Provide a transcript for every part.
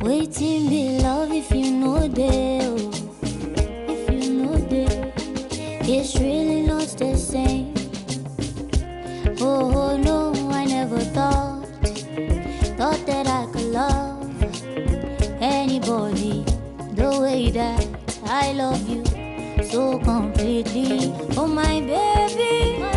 Waiting for love if you know that. Oh. If you know that, it's really not the same. oh no, I never thought, thought that I could love anybody the way that I love you so completely. Oh my baby.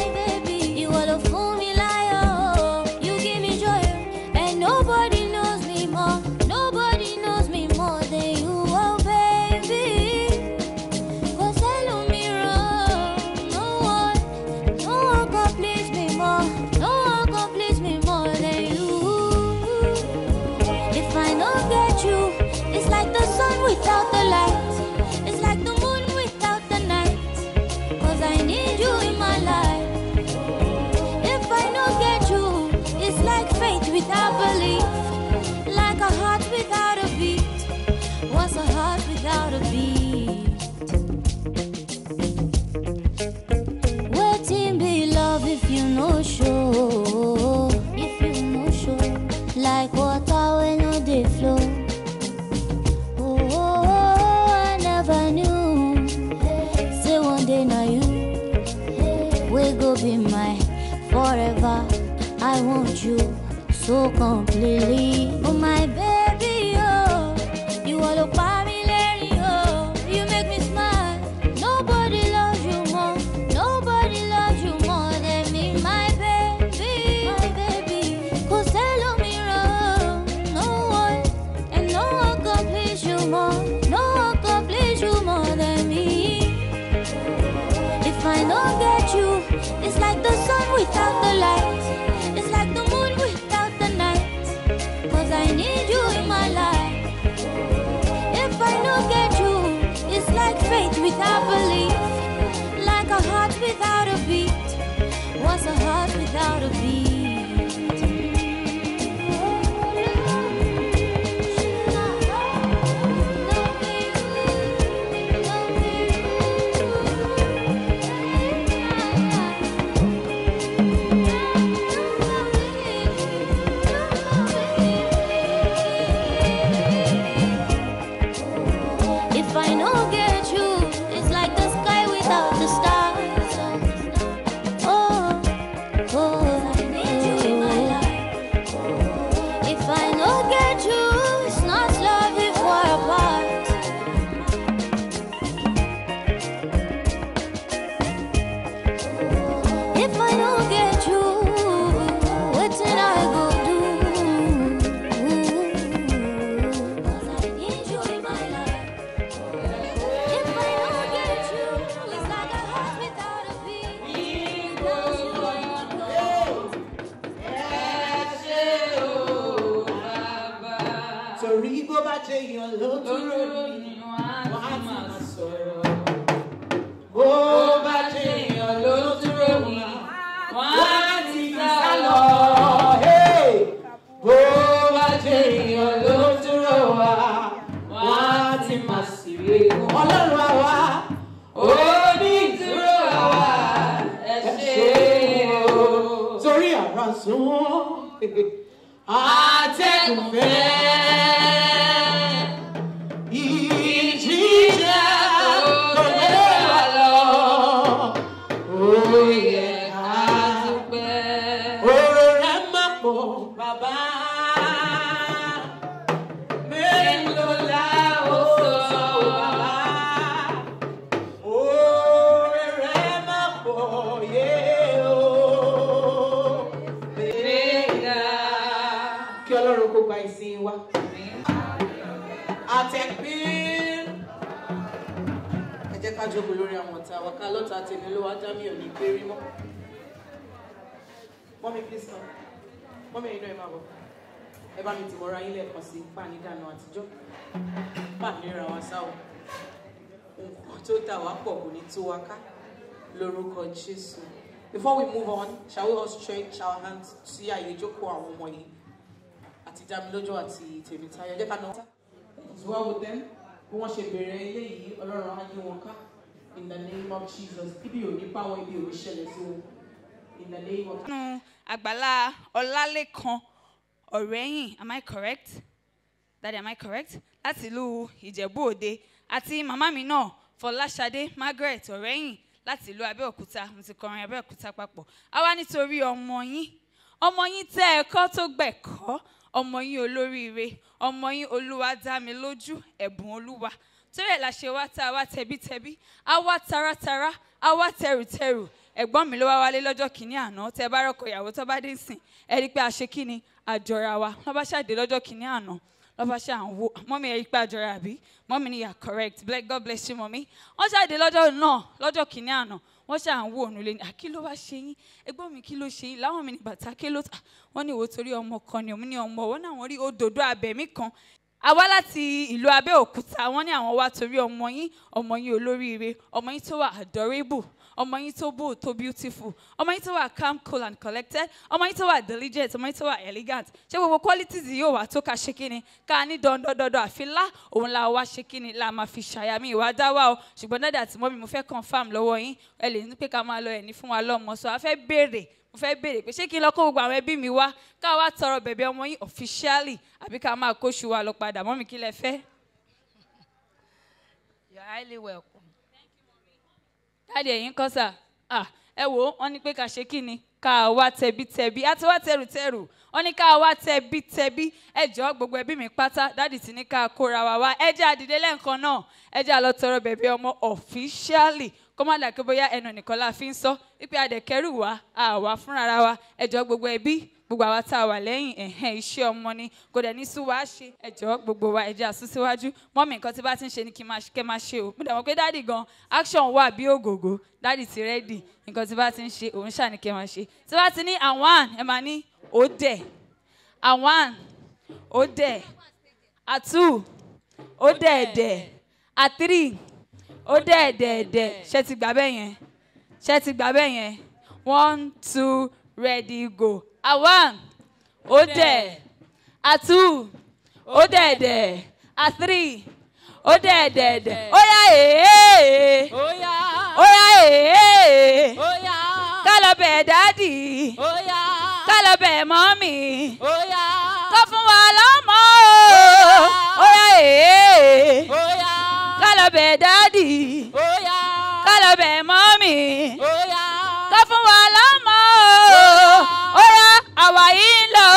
sure. ọlọ́ta tèmi ló wá dá mi ò ní please come mọ́mí ẹ̀yin náà ẹ máa bọ̀ ẹ bá mi tì mọ́ra yín lẹ́ẹ̀kan sí páàní dànù àtijọ́ páàní ra wa sáwọ́ nǹkan tó dà wá pọ̀ kò ní Before we move on, shall we all stretch our hands sí àyè ìjókòó àwọn ọmọ yìí àti Dámilójú àti Tèmítáyọ̀ lẹ́ka náà. It's well with them. Bí wọ́n ṣe bẹ̀rẹ̀ ilé yìí, Ọlọ́run á yí wọn in the name of Jesus ibi ò ní ibi ò ní sí wọn in the name of. àgbàlá ọlálẹ́kan ọ̀rẹ́yìn am I correct daddy am I correct láti ìlú ìjẹ̀bú òde àti màmá mi náà fọláṣadé margaret ọ̀rẹ́yìn láti ìlú abẹ́òkúta mo ti kọrin abẹ́òkúta papọ̀ àwa nítorí ọmọ yín ọmọ yín tẹ́ ẹ̀kọ́ tó gbẹ̀kọ́ ọmọ yín olóríire ọmọ yín olúwa dá mi lójú ẹ̀bùn olúwa torí ẹ̀ la ṣe wá tá a wá tẹbítẹbí a wá taratara a wá tẹrùtẹrù ẹ̀gbọ́n mi ló wá wálé lọ́jọ́ kìíní àná tẹ bá rọ̀kọ̀ ìyàwó tó bá dé sìn ẹ rí i pé a ṣe kí ni àjọra wa wọ́n bá ṣàdé lọ́jọ́ kìíní àná wọ́n bá ṣe àwọn wo mọ́mí ẹ rí i pé àjọra àbí mọ́mí ni yà correct bless God bless you mọ́mí wọ́n ṣàdé lọ́jọ́ náà lọ́jọ́ kìíní àná wọ́n ṣe àwọn wo ònú lé ní àkí ló wá ṣe yín ẹ̀gbọ́n mi kí ló ṣe yín láwọn mi ní bàtà kí ló wọ́n ní ìwò torí ọmọ kan ni òun ní ọmọ wọn náà wọ́n rí òdòdó abẹ̀mí kan a wá láti ìlú Abẹ́òkúta wọ́n ní àwọn wá torí ọmọ yín ọmọ yín olóríire ọmọ yín tó wà adorable ọmọ yín tó bold tó beautiful ọmọ yín tó wà calm cool and collected ọmọ yín tó wà diligent ọmọ yín tó wà elegant ṣé gbogbo qualities yìí yóò wá tó ká ṣe kí ni ká ní dandandandan àfi òun la wá ṣe kí ni la máa fi ṣàyà mi ìwà dá wa o ṣùgbọ́n dáadáa tí mọ́mí mo fẹ́ confam lọ́wọ́ yín ẹ lè ní pé ká máa lọ ẹ̀ ní fún wa lọ́mọ so a fẹ́ béèrè mo fẹ́ béèrè pé ṣé kí n lọ kó gbogbo àwọn ẹbí mi wá ká wá tọrọ bẹ̀bẹ̀ ọmọ yín officially àbí ká máa kóṣù wa lọ padà mọ́mí kí lẹ fẹ́. you are highly welcome. dáàdi ẹ̀yin kọ́ sà ẹ wò ó wọ́n ní pé ká ṣe kí ni ká wá tẹbítẹbí àti wá tẹrùtẹrù wọ́n ní ká wá tẹbítẹbí ẹ jọ̀ọ́ gbogbo ẹbí mi pátá dáàdì tí ní ká kóra wa wá ẹ jẹ́ àdìdé náà ẹ jẹ́ àlọ́ tọrọ bẹ̀bẹ̀ ọmọ officially kó má dà pé bóyá ẹnu nìkan la fi ń sọ wípé adẹ̀kẹ́rù wa àwa fúnra wa ẹjọ́ gbogbo ẹbí gbogbo àwa tá a wà lẹ́yìn ẹ̀hẹ́n iṣẹ́ ọmọ ni kò dẹ̀ ní sún wá ṣe ẹjọ́ gbogbo wa ẹjẹ́ àsúnṣíwájú mọ́mì nǹkan tí bá ti ń ṣe ni kí n máa ṣe o mo dẹ̀ mọ̀ pé dáàdì gan action wà bí ògògó dáàdì ti rẹ́dì nǹkan tí bá ti ń ṣe òun ṣàní kí n máa ṣe tí bá ti ní àwọn ẹ máa ní ó dẹ̀ àwọn ó dẹ̀ àtú ó dẹ̀ dẹ̀ àtírì ó dẹ̀ẹ̀dẹ̀ẹ̀dẹ̀ ṣe ti gbà bẹ́ẹ̀ yẹn ṣe ti gbà bẹ́ẹ̀ yẹn one two ready go a one ó dẹ̀ a two ó dẹ̀ẹ̀dẹ̀ a three ó dẹ̀ẹ̀dẹ̀ẹ̀dẹ̀ ó yá èé eh, eh, eh. ó yá èé ká lọ bẹ̀ dádì ká lọ bẹ̀ mọ́mì kó fún wa lọ́mọ́ ó yá èé lọ bẹ̀ dádì ká lọ bẹ̀ mọ́mì ká fún wa lọ́mọ ó yá àwa yìí ń lọ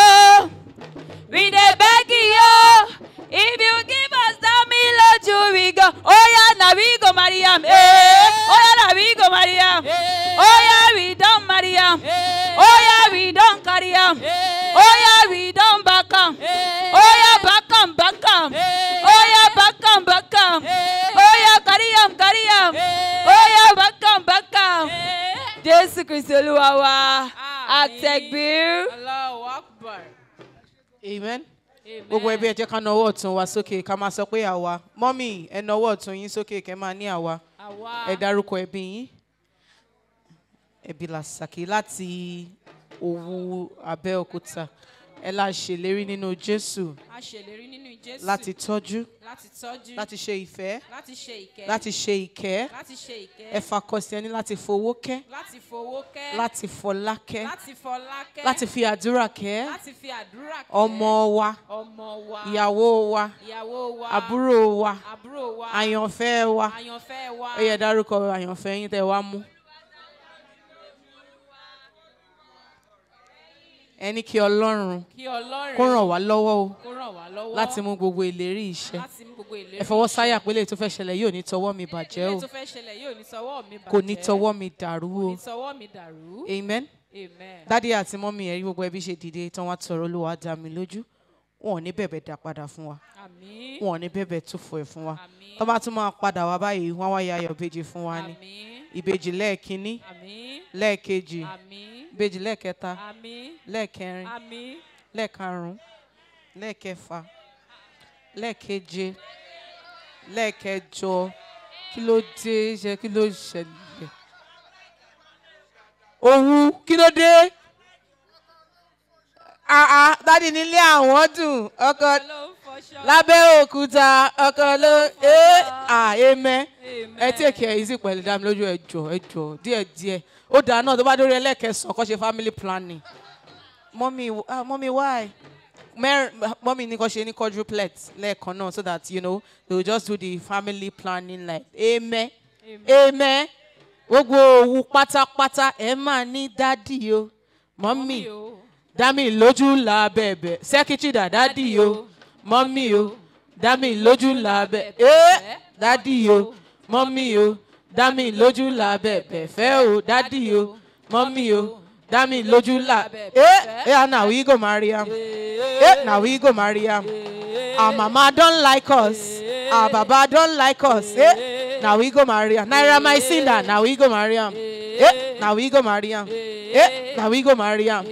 we dey beg you if you give us that miloju oh, we go ó yá na we go marry am eh, eh. ó na we go marry am eh. ó we don marry am ó we don carry am ó we don back am. Tekbir. Allahu Akbar. Amen. Gbogbo ẹbí ẹ jẹ́ ká nawọ́ ọ̀tún wa sókè ká máa sọ pé àwa. Mọ́mì ẹ nawọ́ ọ̀tún yín sókè kẹ́ máa ní àwa. Ẹ dárúkọ ẹbí yín. Ẹbí Làsàkí láti Òwu Abẹ́òkúta ẹ la ṣèlérí nínú Jésù. a ṣèlérí nínú Jésù. láti tọ́jú. láti tọ́jú. láti ṣe ìfẹ́. láti ṣe ìkẹ́. láti ṣe ìkẹ́. láti ṣe ìkẹ́. ẹ fakọsí ẹni láti fowó kẹ́. láti fọlá kẹ́. láti fi àdúrà kẹ́. ọmọ wa. ìyàwó wa. àbúrò wa. àyànfẹ́ wa. àyànfẹ́ yẹ dárúkọ àyànfẹ́ yín tẹ́ wá mú. ẹni kí ọlọ́run kó ràn wá lọ́wọ́ o láti mú gbogbo ìlérí iṣẹ́ ẹ fọwọ́ sáyà pé lè tó fẹ́ ṣẹlẹ̀ yóò ní tọwọ́ mi bàjẹ́ o kò ní tọwọ́ mi dàrú o amen dádì àti mọ́mí ẹ̀rí gbogbo ẹbí ṣe dìde tán wá tọrọ olúwa dá mi lójú wọn ò ní bẹ̀bẹ̀ dá padà fún wa wọn ò ní bẹ̀bẹ̀ tó fọ ẹ̀ fún wa tó bá tún máa padà wá báyìí wọ́n wá ya ayọ̀ ìbejì fún wa ni ìbejì lẹ́ẹ̀kínní lẹ́ẹ̀kejì. Àmín bèjì lẹ́ẹ̀kẹta àmín lẹ́ẹ̀kẹrin àmín lẹ́ẹ̀karùn-ún lẹ́ẹ̀kẹfà lẹ́ẹ̀keje lẹ́ẹ̀kẹjọ kí ló dé ṣe kí ló ṣẹlẹ̀ òun kí ló dé àà ah, ah, dádì nílé àwọn dùn ọkọ lábẹ́òkúta ọkọ ló eh, ah, ẹ àmẹ́ ẹ tí èkì ẹ easy pẹ̀lú dá mi lójú ẹ jọ ẹ jọ díẹ̀ díẹ̀ ó dáa náà tó bá dórí ẹlẹ́kẹsàn-án kọ́ ṣe family planning mọ́mí ah mọ́mí why mọ́mí ní kọ́ ṣe ní quadruplet lẹ́ẹ̀kan náà so that you know they will just do the family planning like àmẹ́ àmẹ́ gbogbo òwú pátápátá ẹ máa ní dádì o mọ́mí dá mi lójú làbẹ̀bẹ̀ sẹ́kìtì dàdádì o mọ́mí o dá mi lójú làbẹ̀ ẹ́ eh, eh, dádì o mọ́mí o dá mi lójú làbẹ̀ bẹ̀fẹ́ o dádì o mọ́mí o dá mi lójú làbẹ̀ ẹ́ ẹ́ na we go marry am ẹ́ eh, na we go marry am our mama don like us our baba don like us ẹ́ na we go marry am naira my sinner na we go marry am ẹ́ na we go marry am ẹ́ na we go marry am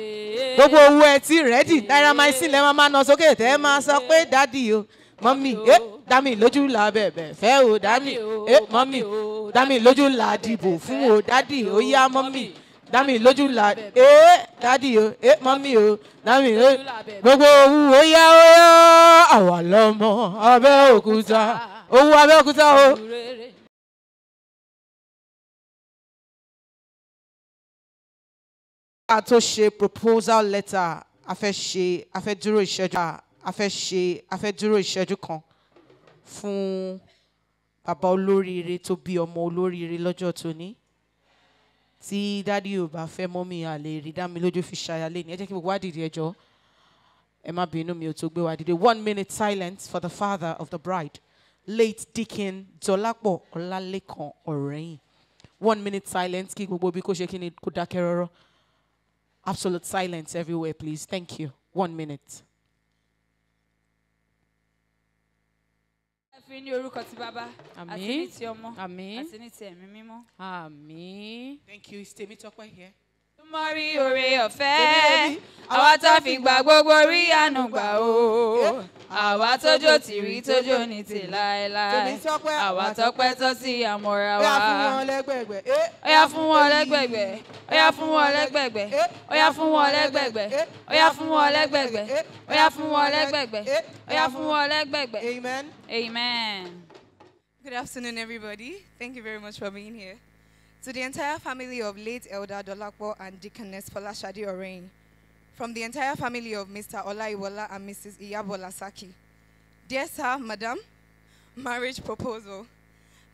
gbogbo owó ẹ ti rẹ́dì nairamaricin lẹ́ máa máa nà sókè tẹ́ ẹ máa sọ pé dádì o mọ́mì ẹ eh, dámì lójú là bẹ̀bẹ̀ fẹ́ o dámì ẹ mọ́mì eh, dámì lójú là dìbò fún o dádì ó yá mọ́mì dámì lójú là ẹ dádì o ẹ eh, mọ́mì o dámì lójú gbogbo owó ó yá ó yá àwa lọ́mọ Abẹ́òkúta owó Abẹ́òkúta o. a tó ṣe proposal letter a fẹ́ ṣe a fẹ́ dúró ìṣẹ́jú a fẹ́ ṣe a fẹ́ dúró ìṣẹ́jú kan fún bàbá olóríire tó bí ọmọ olóríire lọ́jọ́ tóní tí dádì ò bá fẹ́ mọ́mì àlè rí dá mi lójú fi ṣàyàlé ni ẹ jẹ́ kí gbogbo wa dìde ẹ ẹ má bínú mi ò tó gbé wa dìde one minute silence for the father of the bride late Deacon Dọlápọ̀ Ọlálékan Ọ̀rẹ́yìn one minute silence kí gbogbo bí kò ṣe kí ni kó dákẹ́ rọ́rọ́. Absolute silence everywhere, please. Thank you. One minute. Amen. Amen. thank you is Temitope here. mọ rí oore ọ̀fẹ́ àwa tá fi gbà gbogbo rí àánú gbà o àwa tójó tì rí tójó ní ti láéláé àwa tọpẹ́ tọ́ sí àmọ́ra wa ọ̀yá fún wọn lẹ́gbẹ̀gbẹ̀ ọ̀yá fún wọn lẹ́gbẹ̀gbẹ̀ ọ̀yá fún wọn lẹ́gbẹ̀gbẹ̀ ọ̀yá fún wọn lẹ́gbẹ̀gbẹ̀ ọ̀yá fún wọn lẹ́gbẹ̀gbẹ̀ ọ̀yá fún wọn lẹ́gbẹ̀gbẹ̀ amen amen. Good afternoon, everybody. Thank you very much for being here. to the entire family of late Elder Dolakbo and Deaconess Folashadi Orain, from the entire family of Mr. Olaiwola and Mrs. Iyabola Saki. Dear sir, madam, marriage proposal.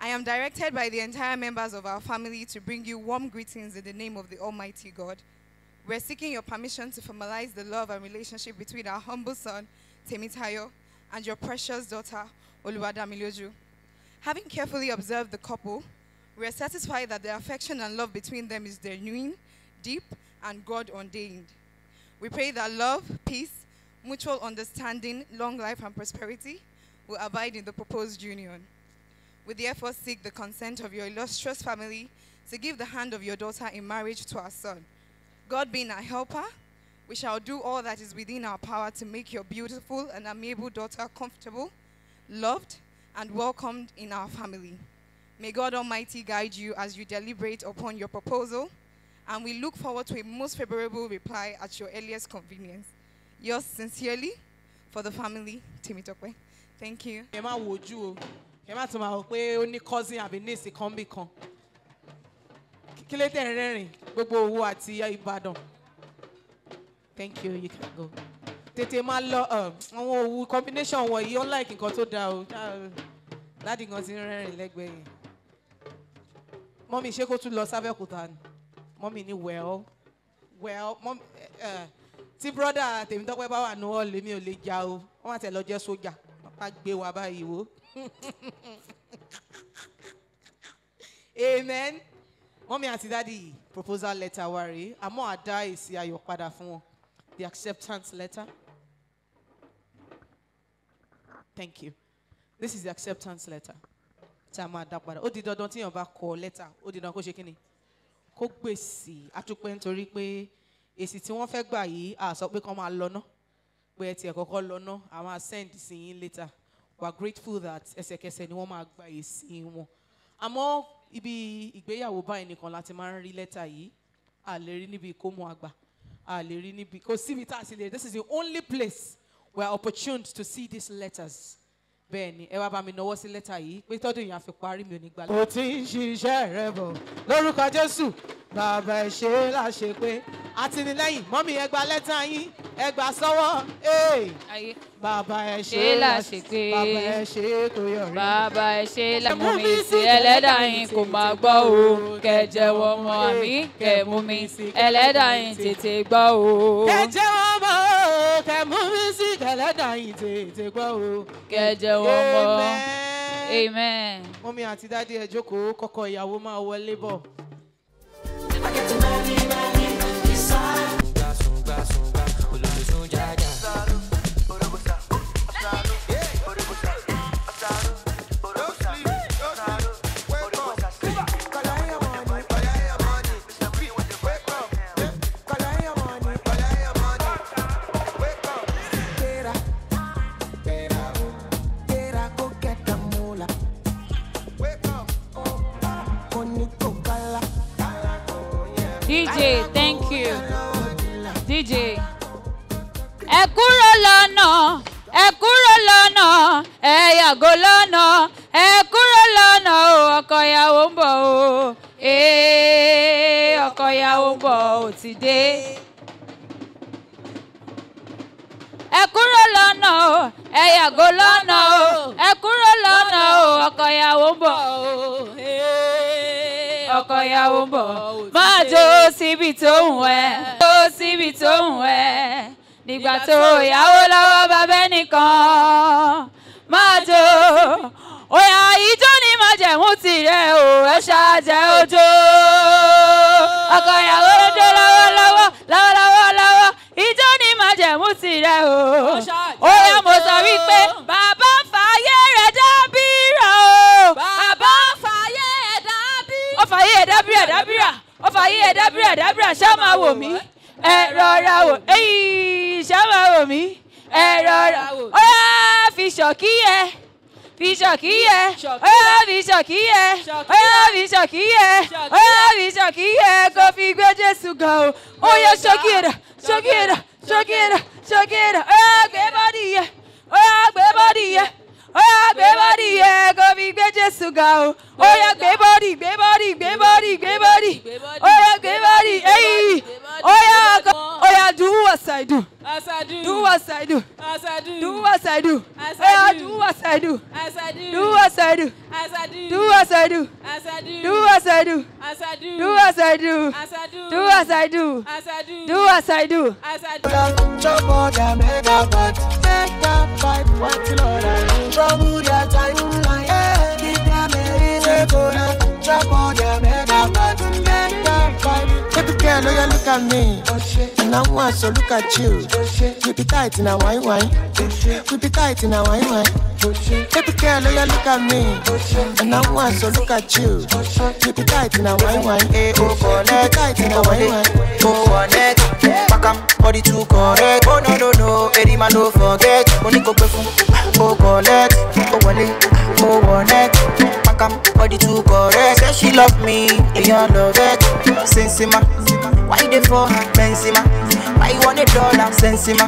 I am directed by the entire members of our family to bring you warm greetings in the name of the Almighty God. We're seeking your permission to formalize the love and relationship between our humble son, Temitayo, and your precious daughter, Miloju. Having carefully observed the couple, we are satisfied that the affection and love between them is genuine, deep, and God ordained. We pray that love, peace, mutual understanding, long life, and prosperity will abide in the proposed union. We therefore seek the consent of your illustrious family to give the hand of your daughter in marriage to our son. God being our helper, we shall do all that is within our power to make your beautiful and amiable daughter comfortable, loved, and welcomed in our family. May God Almighty guide you as you deliberate upon your proposal, and we look forward to a most favorable reply at your earliest convenience. Yours sincerely, for the family, Timitope. Thank you. Ẹ má máa wọ pé ó ní cousin àbí niece kan bí kan. Kí ló tẹ̀ gbogbo owó àti Ìbàdàn? Thank you, you can go. Tètè máa lọ um, àwọn òwú combination wọ̀nyí unlike nǹkan tó dáa o. Dádì ti rẹ́rìn lẹ́gbẹ̀ẹ́ yẹn mọ́mí ṣé kó tún lọ sábẹ́kúta ni mọ́mí ní well well mọ́mí eh, eh, tí brọ́dà tèmítọ́pẹ́ bá wà ní hall èmi ò lè jà o wọ́n máa tẹ̀ lọ jẹ́ sójà wọ́n gbé wa báyìí wò amen mọ́mí àti dádì proposal letter wa rèé àmọ́ àdá èsì ayọ̀ padà fún wọn the acceptance letter thank you this is the acceptance letter tá a máa dá padà ó di dandan tíyàn bá kọ lẹ́tà ó di dandan kó ṣe kí ni kó gbèsè àtúpẹ́ nítorí pé èsì tí wọ́n fẹ́ gbà yìí à sọ pé kán máa lọ pé ẹ tiẹ̀ kọ́kọ́ a máa send sí yín later we are grateful that ẹsẹ̀kẹsẹ̀ ni wọ́n máa gba èsì wọn àmọ́ ibi ìgbéyàwó báyìí nìkan láti máa ń rí lẹ́tà yìí a lè rí níbi ìkómọ àgbà a lè rí níbi kò síbi tá a sì lè this is the only place we are opportune to see these letters bẹ́ẹ̀ni ẹ wá bá mi nọwọ́ sí lẹ́tà yìí pé tọdún yìí àfi parí mi ò ní gbalẹ. kò tí ń ṣiṣẹ́ rẹ bọ̀ lórúkọ jésù bàbá ẹ̀ ṣe é láṣẹ pé àtìlẹ́yìn mọ́mí ẹ gba lẹ́tà yín ẹ gbà sọ́wọ́ bàbá ẹ ṣe é láṣẹ pé bàbá ẹ ṣe é kò yọrí. bàbá ẹ ṣe é láṣẹ mú mi sí ẹlẹ́dà yín kò máa gbọ́ o kẹ jẹ́wọ́ mọ́ àmì kẹ mú mi sí ẹlẹ́dà yín tètè gbọ́ o. kẹ jẹ́wọ́ mọ́ o amen. mọ́mí àti dádì ẹ̀ jókòó kọ́kọ́ ìyàwó máa wọlé bọ̀. yàgò lọ́nà ẹ kúrò lọ́nà o ọkọ ìyàwó ń bọ̀ o ee ìyàwó ń bọ̀ o ti dé. ẹ kúrò lọ́nà o ẹ yàgò lọ́nà o ẹ kúrò lọ́nà o ọkọ ìyàwó ń bọ̀ o ọkọ ìyàwó ń bọ̀ o ti dé. máa jó síbi tó ń wẹ̀ jó síbi tó ń wẹ̀ nígbà tó ìyàwó lọ́wọ́ bàbá ẹnìkan máa jó òyà ìjó ni máa jẹ̀mú tirẹ̀ o ẹ ṣàjẹ́ ojó ọkọ ìyàwó lójó lọ́wọ́lọ́wọ́ lọ́wọ́lọ́wọ́ ìjó ni máa jẹ̀mú tirẹ̀ o òyà mo sọ wípé bàbá fàyè rẹ̀ dábìrà o bàbá fàyè rẹ̀ dábìrà ó fàyè rẹ̀ dábìrà dábìrà ó fàyè rẹ̀ dábìrà dábìrà ṣá máa wò mí ẹ rọra wò ẹyìn ṣá máa wò mí. É rọra é, é. wò. aqui yá fi ṣọ̀kí yẹ. fi ṣọ̀kí yẹ. ó yá fi ṣọ̀kí yẹ. ó yá fi ṣọ̀kí yẹ. ó yá fi ṣọ̀kí yẹ. kò fi gbé Jésù ga now one, so look at you. We be tight in a wine wine. We be tight in a wine wine. Baby girl, oh yeah, look at me. And now one, so look at you. We be tight in a wine wine. Hey, oh, connect. Keep it tight in a wine wine. Eh, oh, connect. Oh, eh, oh, Back up, body to correct. Oh, no, no, no. Eddie, man, don't forget. Money go pay for. Oh, connect. Oh, wallet. Oh, connect. Back up, body to correct. Say she love me. and Yeah, love it. Sensima. Sensima it for her Benzema I want it all, i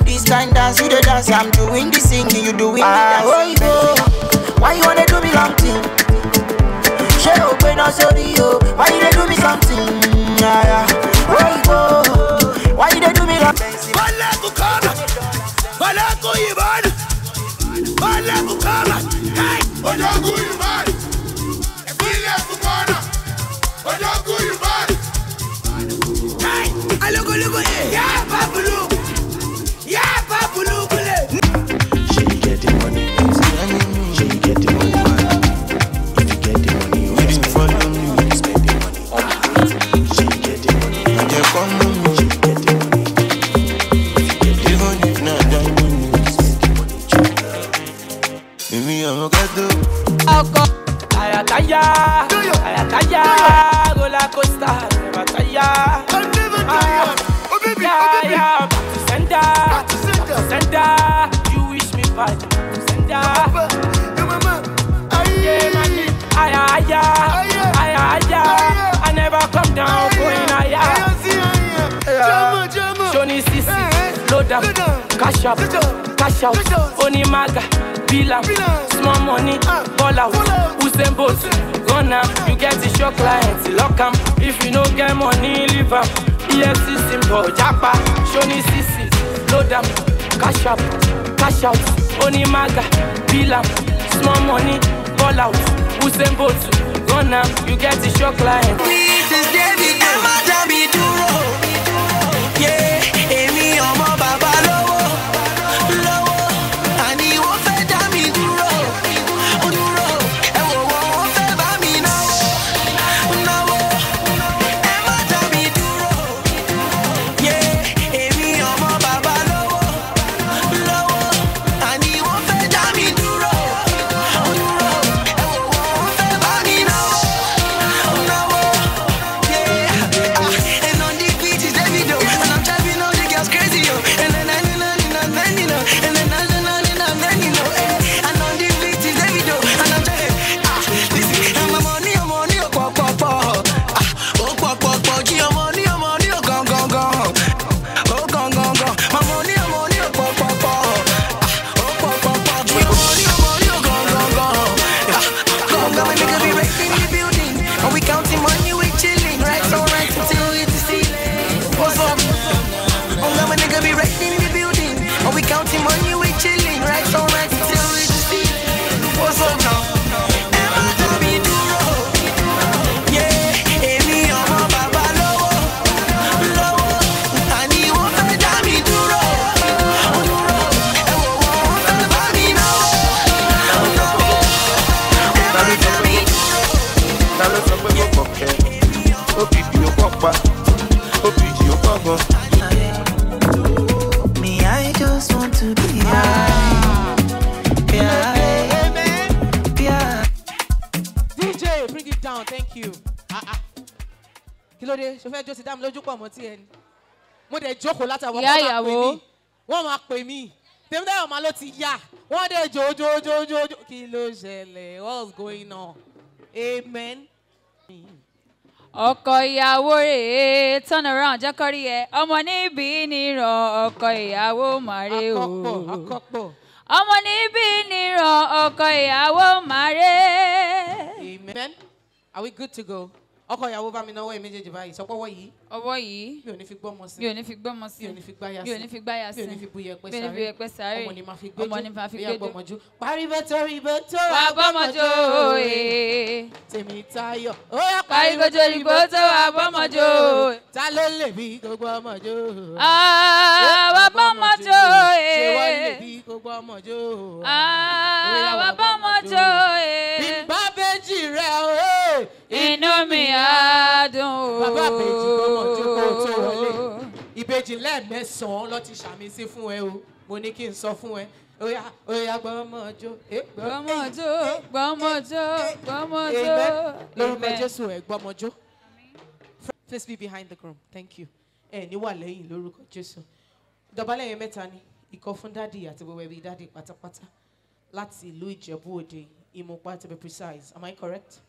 This kind dance, you the dance I'm doing the singing, you doing the ah, dance oh, oh. Why you wanna do me long thing? She open us sorry, yo. Why you they do me something? Ah, ah. Oh, yeah, yeah Oh, oh. Why you they do me long thing? Bala kukana Bala kuyiban Bala kukana Hey, Bala tired. Roller coaster, never tired. I'm never tired. Oh baby, yeah, oh baby. Yeah, back to center, back to center, back to center. You wish me back to center. Your papa, your mama, aye, aye, aye, aye, aye, aye. I never come down, going higher. Jama, jama. Johnny Sisi, load up, cash up, cash out, only Maga. Villa, small money, ball out. Usain Bolt, Ghana, you get it, your client, lock 'em. If you no get money, leave 'em. EFC simple, Japa, Shoni CC, load 'em, cash up, cash out. Onimaga, Villa, small money, ball out. Usain Bolt, Ghana, you get it, your client. Please, David, I'm a dummy, kí ló dé ṣo fẹ́ jó ti dá mi lójú pọ̀ mọ́ tí ni mo dẹ̀ jókòó látàwọn kó máa pè mí wọ́n máa pè mí tèmítẹ́yọ̀ máa ló ti yá wọ́n dẹ̀ jòjòjòjòjò kí ló ṣẹlẹ̀ what's going on amen. ọkọ ìyàwó rèé turn around jẹ́kọ́rí ẹ ọmọ níbí nìran ọkọ ìyàwó màrè o ọmọ níbí nìran ọkọ ìyàwó màrè. amen. Are we good to go? ọkọ ìyàwó bá mi náwó ẹ méjèèjì báyìí sọ pọwọ yìí. ọwọ́ yìí. mi ò ní fi gbọ́mọ sí. mi ò ní fi gbọ́mọ sí. mi ò ní fi gbáyà sí. mi ò ní fi gbáyà sí. mi ò ní fi bu yẹpẹ sáré. mi ò ní fi yẹpẹ sáré. ọmọ ni màá fi gbẹjọ. ọmọ ni màá fi gbẹjọ. gbọmọjú. pariwo torí ibo tó wà gbọmọjọ òye. tèmi tayọ. ó yà pariwo torí ibo tó wà gbọmọjọ òye. ta ló lè bí gbogbo ọmọjọ òye. àwa gbọmọjọ òye. ṣé wọ́n lè bí gbogbo ọmọjọ òye. àwa gbọmọjọ òye. bí bá bẹ́jì rẹ̀ o inú mi á dùn o. bàbá àbèjì gbọ́mọ̀ tó kó tó wọlé ìbejì lẹ́ẹ̀mẹ́sàn-án ló ti ṣàmì sí fún ẹ o mo ní kí n sọ fún ẹ oya oya gbọmọjó eh, eh, gbọmọjó eh, gbọmọjó gbọmọjó lórúkọ jésù ẹ gbọmọjó please be behind the groom thank you ẹ níwà lẹ́yìn lórúkọ jésù dọ̀bálẹ̀ yẹn mẹ́ta ni ikọ̀ fún dádì àti gbogbo ẹbí dádì pátápátá láti ìlú ìjẹ̀bú òde ìmọ̀pá to be precise am i correct.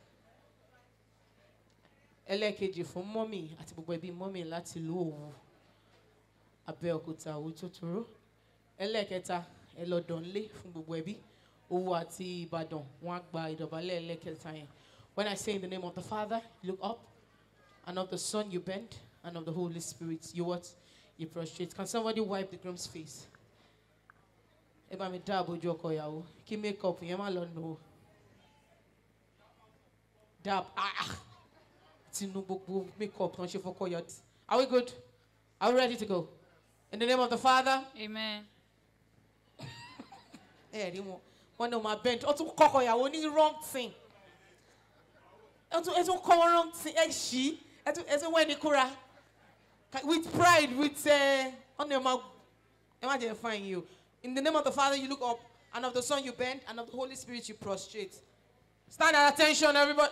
ẹlẹ́ẹ̀kejì fún mommy àti gbogbo ẹbí mọ́mì láti ìlú Òwu Abẹ́òkúta Òwu Tòtòrò ẹlẹ́ẹ̀kẹta ẹlọ́dọ̀nlé fún gbogbo ẹbí Òwu àti Ìbàdàn wọ́n á gba ìdọ̀bálẹ̀ ẹlẹ́ẹ̀kẹta yẹn when I say in the name of the Father look up and of the Son you bend and of the Holy Spirit you what you prostrate can somebody wipe the groom's face ẹ bá mi dá àbójú ọkọ ìyàwó kí make up yẹn má lọ nù ó dab ah. ah. tinú gbogbo makeup tó ń ṣe fọ́kọ́ yọ. Are we good? Are we ready to go? In the name of the Father. Amen. Ẹ rí wọn, wọ́n ní wọ́n máa bend, ó tún kọ́kọ́ ìyàwó ní wrong thing. Ẹ tún kọ́ wọn wrong thing, ẹ ṣí, ẹ tún wọ́n ẹni kúra. With pride, with ọ̀nà ẹ̀ máa ẹ̀ máa jẹ́ fine yìí o. In the name of the Father, you look up, and of the Son you bend, and of the Holy Spirit you prostrate. Stand at attention, everybody.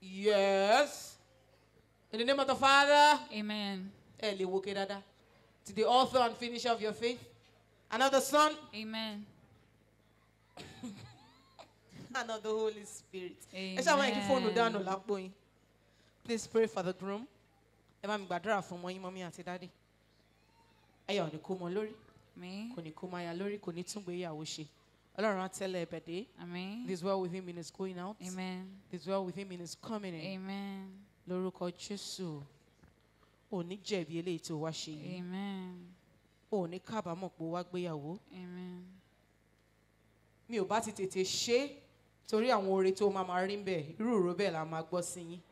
Yes. In the name of the Father. Amen. To the author and finisher of your faith. Another Son. Amen. Another Holy Spirit. Amen. Please pray for the groom. ẹ bá mi gbàdúrà fún ọmọ mọ́mí àti dádì ẹyà ò ní kó mọ lórí kò ní kó máa lórí kò ní tún gbéyàwó ṣe ọlọ́run á tẹ́lẹ̀ ẹ̀bẹ̀ this well with him in going out Amen. this well with him in coming in. Amen. lórúkọ jésù ò ní jẹ̀bi eléyìí tó wá ṣe yìí ò ní kábàámọ̀ pé ó wá gbéyàwó mi ò bá ti tètè ṣe é torí àwọn oore tó máa máa rí bẹ́ẹ̀ irú òró bẹ́ẹ̀ la máa gbọ́ sí yín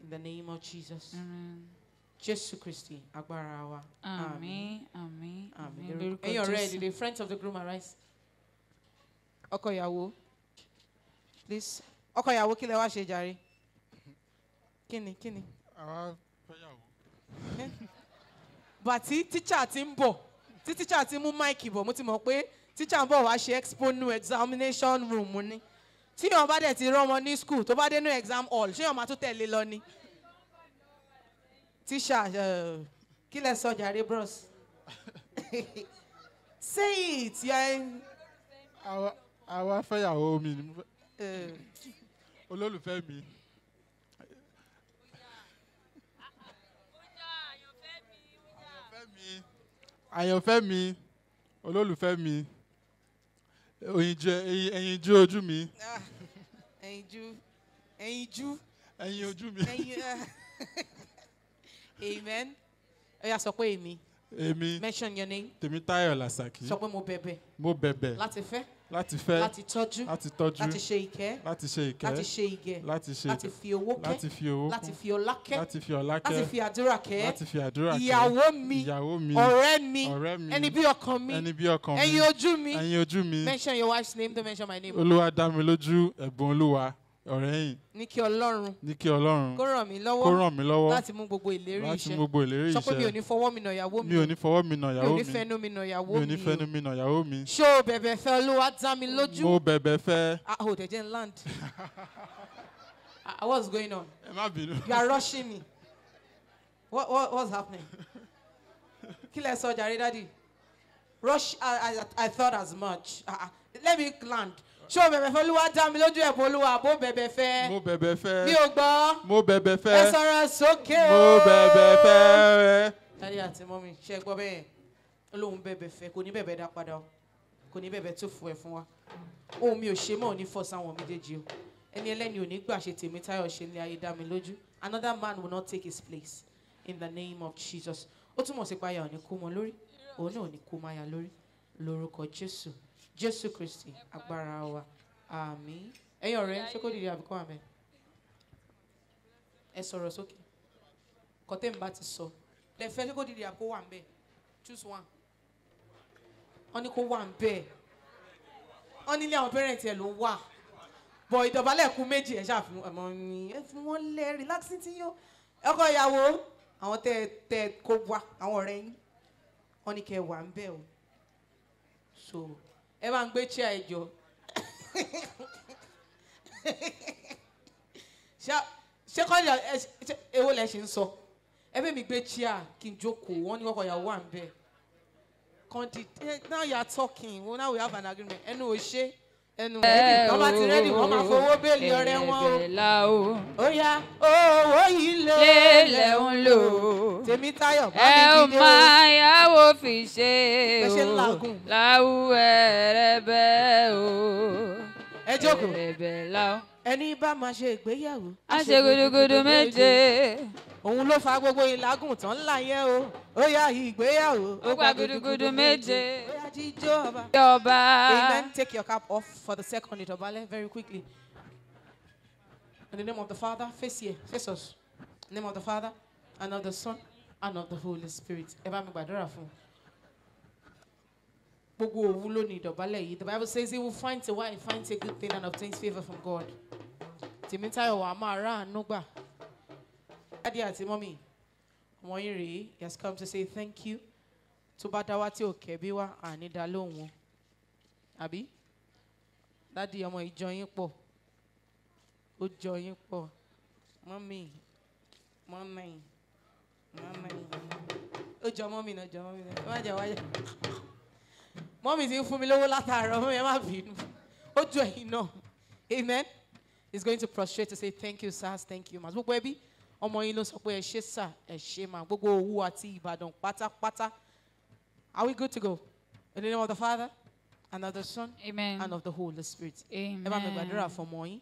in the name of jesus jésù kristi agbára wa àmín àmín àmín ẹ̀yin ọ̀rẹ́ ìdílé friends of the groom arise ọkọ ìyàwó please ọkọ ìyàwó kí lẹ wá ṣe jàre kíni kíni. àwa fẹ́yàwó. bàtí tíṣà ti ń bọ̀ tí tíṣà ti mú máìkì bọ̀ mo ti mọ̀ pé tíṣà ń bọ̀ wá ṣe exponu examination room ni tí bá dẹ̀ ti rọ́mọ ní school tó bá dé ní exam hall ṣé yàn máa tún tẹ̀lé lọ ni. tíṣà kí lẹ sọ jàre bros say it yẹn. àwa àwa fẹ́yàwó mi ni mo eh. olólùfẹ́ mi. àyànfẹ́ mi olólùfẹ́ mi ẹ̀yìnjú ojú mi. ẹ̀yìnjú ah, ẹ̀yìnjú. ẹ̀yìn ojú mi. Ah. amen. ó yá sọ pé èmi. èmi. mention your name. tèmi táyọ̀ làṣàkí. sọ pé mo bẹ̀bẹ̀. mo bẹ̀bẹ̀. láti fẹ́ láti fẹ́ láti tọ́jú láti tọ́jú láti ṣe ìkẹ́ láti ṣe ìkẹ́ láti ṣe ìgẹ̀ láti ṣe láti fi owó kẹ́ láti fi owó kún láti fi ọlá kẹ́ láti fi ọlá kẹ́ láti fi àdúrà kẹ́ láti fi àdúrà kẹ́ ìyàwó mi ìyàwó mi ọ̀rẹ́ mi ọ̀rẹ́ mi ẹni bí ọkàn mi ẹni bí ọkàn mi ẹyin ojú mi ẹyin ojú mi mention your wife's name don't mention my name. olúwa dá mi lójú ẹ̀bùn olúwa ọ̀rẹ́ yìí. ní kí ọlọ́run. ní kí ọlọ́run. kó ràn mí lọ́wọ́. kó ràn mí lọ́wọ́. láti mú gbogbo ìlérí iṣẹ́. láti mú gbogbo ìlérí iṣẹ́. sọ pé mi ò ní fọwọ́ mi nà ìyàwó mi. mi ò ní fọwọ́ mi nà ìyàwó mi. mi ò ní fẹnu mi nà mi. mi ò ní fẹnu mi nà ìyàwó mi. ṣé o bẹ̀bẹ̀ fẹ́ olúwa dá mi lójú. mo bẹ̀bẹ̀ fẹ́. ah o dẹ̀jẹ̀ ń land. what's going on. ẹ má bínú. you are rushing me. what what what's happening. kí lẹ sọ jàre dádì. rush I, I, I thought as much. Uh, let me land ṣé bẹ̀bẹ̀ fẹ́ olúwa dá mi lójú ẹ̀bùn olúwa bó bẹ̀bẹ̀ fẹ́. mo bẹ̀bẹ̀ fẹ́. mi ò gbọ́. mo bẹ̀bẹ̀ fẹ́. ẹ sọ̀rọ̀ sókè mo bẹ̀bẹ̀ fẹ́. dáadé àti mọ́mí ṣe gbọ́ bẹ́ẹ̀ olóhùn bẹ̀bẹ̀ fẹ́ kò ní bẹ̀bẹ̀ dá padà o kò ní bẹ̀bẹ̀ tó fún ẹ fún wa ohun mi ò ṣe mọ́ ò fọ́ sáwọn méjèèjì o ẹni ẹlẹ́ni ò gbà ṣe tèmi táyọ̀ ṣe ní ayé dá mi lójú another man will not take his place in the name of Jesus ó túmọ̀ sí payà ò ní kó mọ lórí òun náà ò kó máa yà lórí lórúkọ Jésù jésù kristi agbára wa àmín ẹ̀yin ọ̀rẹ́ ṣé kó dìde àbíkọ́ àmín ẹ sọ̀rọ̀ sókè kọ́tẹ́ mi bá ti sọ lẹ́fẹ́ ṣé kó dìde àbíkọ́ wà choose one wọ́n ní kó wà ń bẹ̀ wọ́n nílé àwọn pẹ́rẹ́ǹtì ẹ̀ ló wà bọ̀ ìdọ̀bálẹ̀ kú méjì ẹ̀ ṣàfihàn ẹ̀mọ́ ni ẹ fi wọ́n lẹ́ relaxing tí yó ọkọ ìyàwó àwọn tẹ tẹ kó wá àwọn ọ̀rẹ́ yín wọ́n ní kẹ́ wà ń o so ẹ bá ń gbé chair ẹ jọ ṣé kọ́ni èwo lẹ ṣe ń sọ ẹ bẹ́ẹ̀ mi gbé chair kí n jókòó wọ́n ní kọ́kọ́ ìyàwó wà ń bẹ̀ eh, now you are talking well now we have an agreement ẹnu ò ṣe ẹnu rẹ́dì wọ́n bá ti rẹ́dì wọ́n máa fowó bẹ́ẹ̀lì ọ̀rẹ́ wọn o. ẹ̀la o. ó yá owó yìí lé lẹ̀ ń lò. tèmi táyọ̀ bá mi dìde o. ẹ máa yáwó fi ṣe o láwù ẹ̀rẹ̀ bẹ́ẹ̀ o. ẹ jókòó. ẹ̀rẹ̀ bẹ́ẹ̀ láwù ẹni bá máa ṣe ìgbéyàwó. a ṣe gòdògòdò méje. òun ló fa gbogbo ìlágùn tán ńlá yẹn o ó yá ìgbéyàwó. ó gba gòdògòdò méje. ó yá jíjó ọba. jíjó ọba. amen take your cap off for the second ìdọ̀bálẹ̀ very quickly. in the name of the father face here face us in the name of the father and of the son and of the holy spirit ẹ bá mi gbàdúrà fún un gbogbo òwú ló ìdọ̀bálẹ̀ yìí the bible says he will find a wife find a good thing and obtain favour from God tèmítáyọ̀ wà á máa rà àánú gbà dádì àti mọ́mì ọmọ yín rèé he has come to say thank you tó bá dáwà tí ò kẹ́bí wá àní dá lóhùn wọn àbí dádì ọmọ ìjọ yín pọ̀ ó jọ yín pọ̀ mọ́mì mọ́mì mọ́mì ó jọ mọ́mì náà jọ mọ́mì náà wájà wájà mọ́mí ti ń fún mi lówó látàárọ̀ mọ́mí ẹ má bínú ó ju ẹ̀yìn náà amen he's going to prostrate to say thank you sir thank you ma gbogbo ẹbí ọmọ yín ló sọ pé ẹ ṣé sà ẹ ṣé ma gbogbo owó àti Ìbàdàn pátápátá are we good to go in the name of the father and of the son amen and of the holy spirit amen ẹ bá mi gbàdúrà fún ọmọ yín.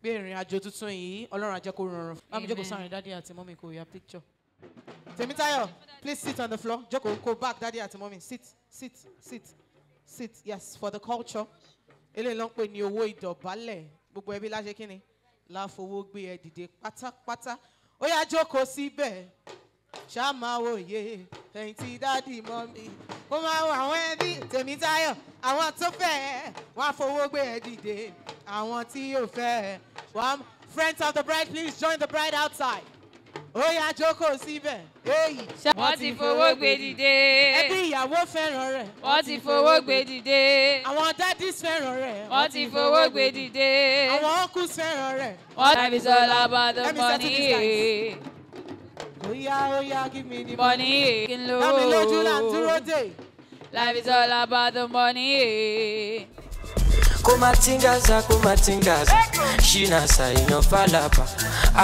gbé ìrìn àjò tuntun yìí ọlọ́run á jẹ́ kó rọrùn. bá mi jókòó sáà dáadé àti mọ́mí kò yá picture. Temitayo, please sit on the floor. Joko, go back, daddy at the moment. Sit, sit, sit, sit. Yes, for the culture. Ele ló ń pè ní owó ìdọ̀bálẹ̀. Gbogbo ebi la ṣe kíni? La fowó gbé ẹ dìde pátápátá. Ó yá jókòó síbẹ̀. Ṣá máa wòye. Fẹ̀yìntì dádì mommy. Ó máa wọ àwọn ẹbí Temitayo. Àwọn tó fẹ́ wọ́n á fowó gbé ẹ dìde. Àwọn tí yóò fẹ́ wọ́n. Friends of the bride, please join the bride outside ó yá jókòó síbẹ̀. wọ́n ti fowó gbé dìde. ẹbí ìyàwó fẹ́ràn rẹ̀. wọ́n ti fowó gbé dìde. àwọn daddies fẹ́ràn rẹ̀. wọ́n ti fowó gbé dìde. àwọn uncles fẹ́ràn rẹ̀. wọ́n ti fi sọ́lá bá tó pọ̀ níyè. Oya oya give me the money. Lámi lójú là ń dúró dè. Life is all about the money. kumatingaza kumatingaza shina sàìyàn falapa.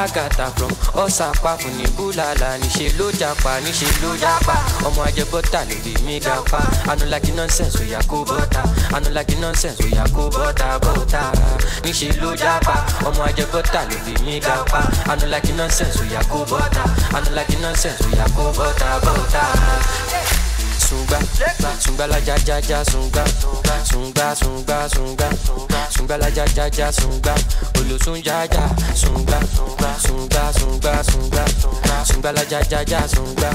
àgàtà from ọ̀sàpá fún ní búlàlà níṣẹ́ ló japa níṣẹ́ ọmọ ajẹ bọ́tà lórí mi gapa anulaki nonsense oya kó bọ́tà anulaki nonsense oya kó bọ́tà bọ́tà níṣẹ́ ló ọmọ ajẹ bọ́tà lórí mi gapa anulaki nonsense oya kó bọ́tà anulaki nonsense oya kó bọ́tà bọ́tà sunga, sunga la ja ja ja sunga, sunga sunga sunga, sunga la ja ja ja sunga, olosun ja ja sunga, sunga sunga sunga, sunga la ja ja ja sunga,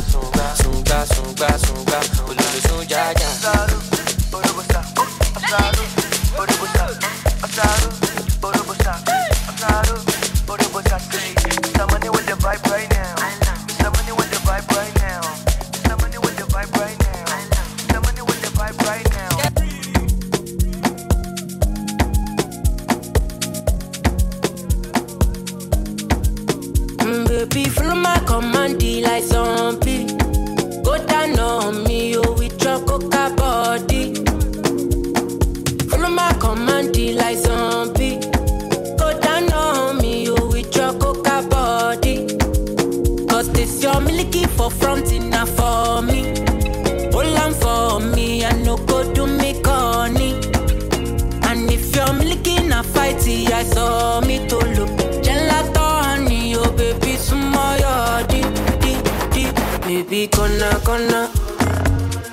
sunga sunga sunga, olosun ja ja. Borobosa, right for me. Hold on for me, I no go do me corny. And if you're licking a fighty, I saw me to look. Gelato honey, oh baby, small your deep, deep, Baby, gonna, gonna.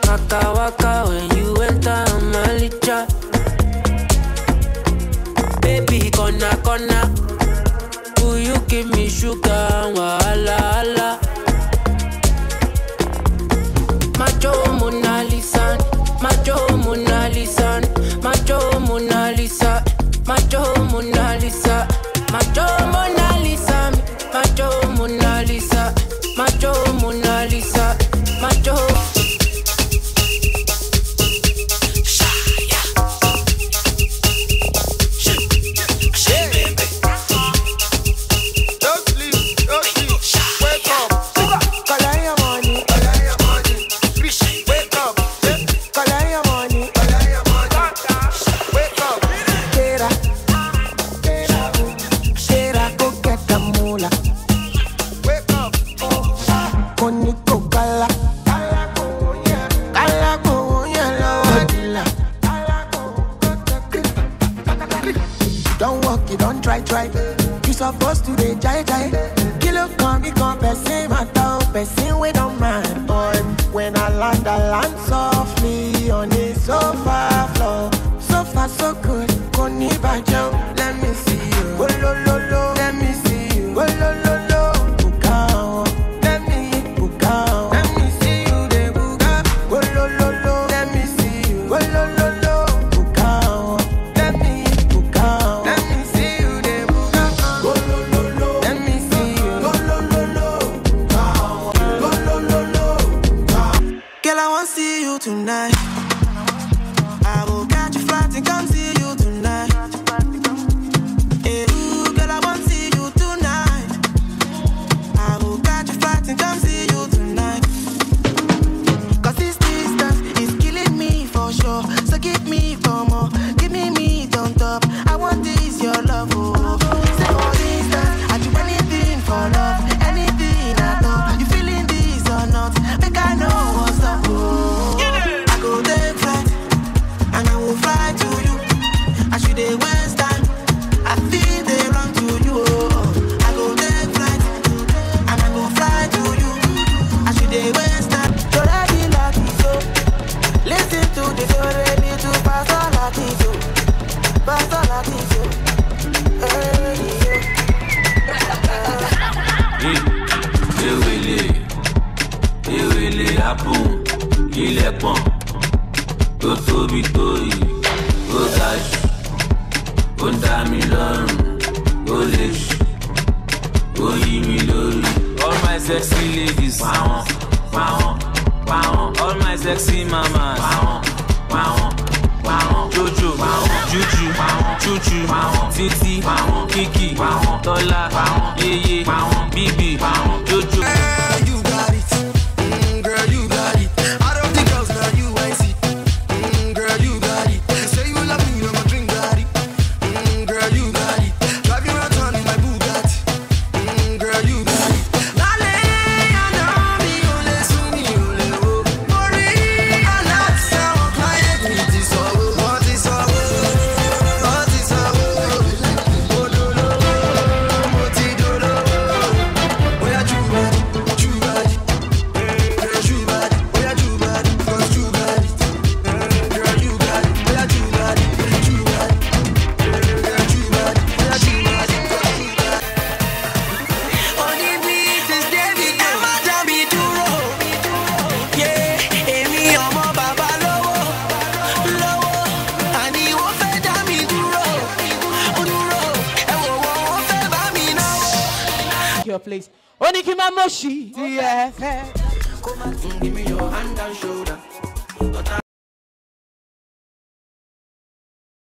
Waka waka when you enter my licha. Baby, gonna, gonna. Will you give me sugar and wahala? Get me